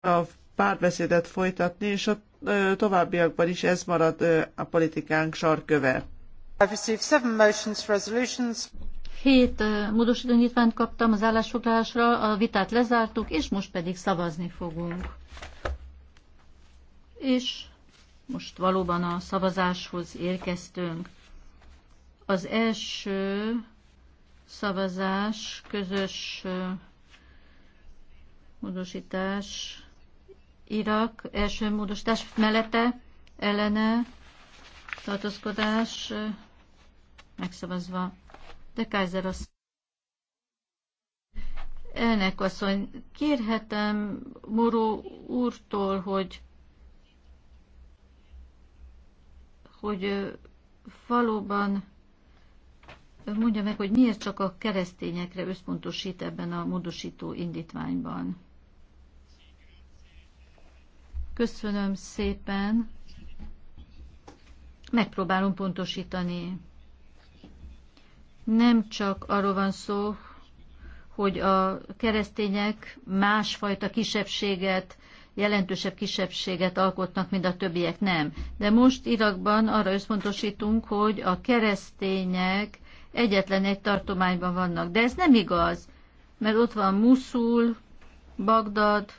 a párbeszédet folytatni, és a továbbiakban is ez marad a politikánk sarköve. Hét módosító nyitványt kaptam az állásfoglalásra, a vitát lezártuk, és most pedig szavazni fogunk. És most valóban a szavazáshoz érkeztünk. Az első szavazás, közös módosítás, Irak első módosítás mellette ellene tartózkodás megszavazva. De Kaiser azt Elnök asszony, kérhetem Moró úrtól, hogy hogy valóban mondja meg, hogy miért csak a keresztényekre összpontosít ebben a módosító indítványban. Köszönöm szépen. Megpróbálom pontosítani. Nem csak arról van szó, hogy a keresztények másfajta kisebbséget, jelentősebb kisebbséget alkotnak, mint a többiek nem. De most Irakban arra összpontosítunk, hogy a keresztények egyetlen egy tartományban vannak. De ez nem igaz, mert ott van Muszul, Bagdad,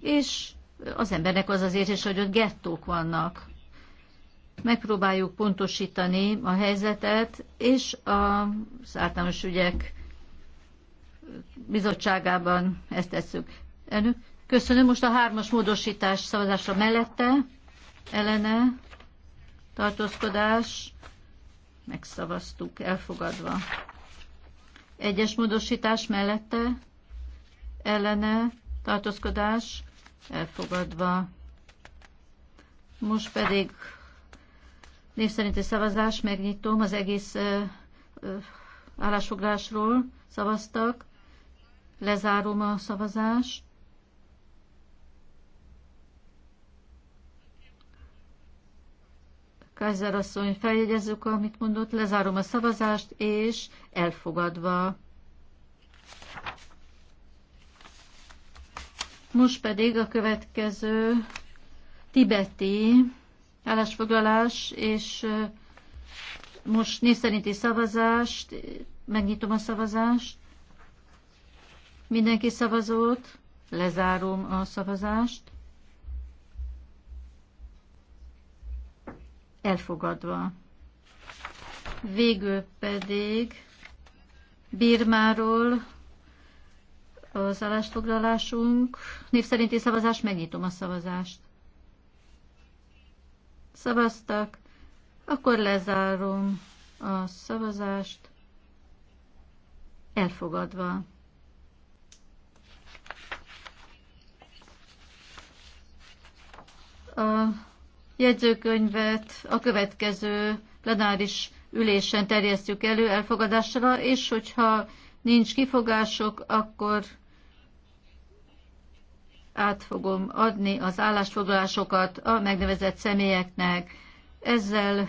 és az embernek az az érzés, hogy ott gettók vannak. Megpróbáljuk pontosítani a helyzetet, és az általános ügyek bizottságában ezt tesszük. Elnök, köszönöm. Most a hármas módosítás szavazása mellette, ellene, tartózkodás, megszavaztuk, elfogadva. Egyes módosítás mellette, ellene, tartózkodás, elfogadva. Most pedig név szerinti szavazás, megnyitom az egész ö, ö, állásfoglásról szavaztak, lezárom a szavazást. Kaiser asszony, feljegyezzük, amit mondott, lezárom a szavazást, és elfogadva. Most pedig a következő tibeti állásfoglalás, és most név szerinti szavazást, megnyitom a szavazást. Mindenki szavazott, lezárom a szavazást. Elfogadva. Végül pedig Birmáról az állásfoglalásunk. Név szerinti szavazás, megnyitom a szavazást. Szavaztak, akkor lezárom a szavazást. Elfogadva. A jegyzőkönyvet a következő plenáris ülésen terjesztjük elő elfogadásra, és hogyha nincs kifogások, akkor át fogom adni az állásfoglalásokat a megnevezett személyeknek. Ezzel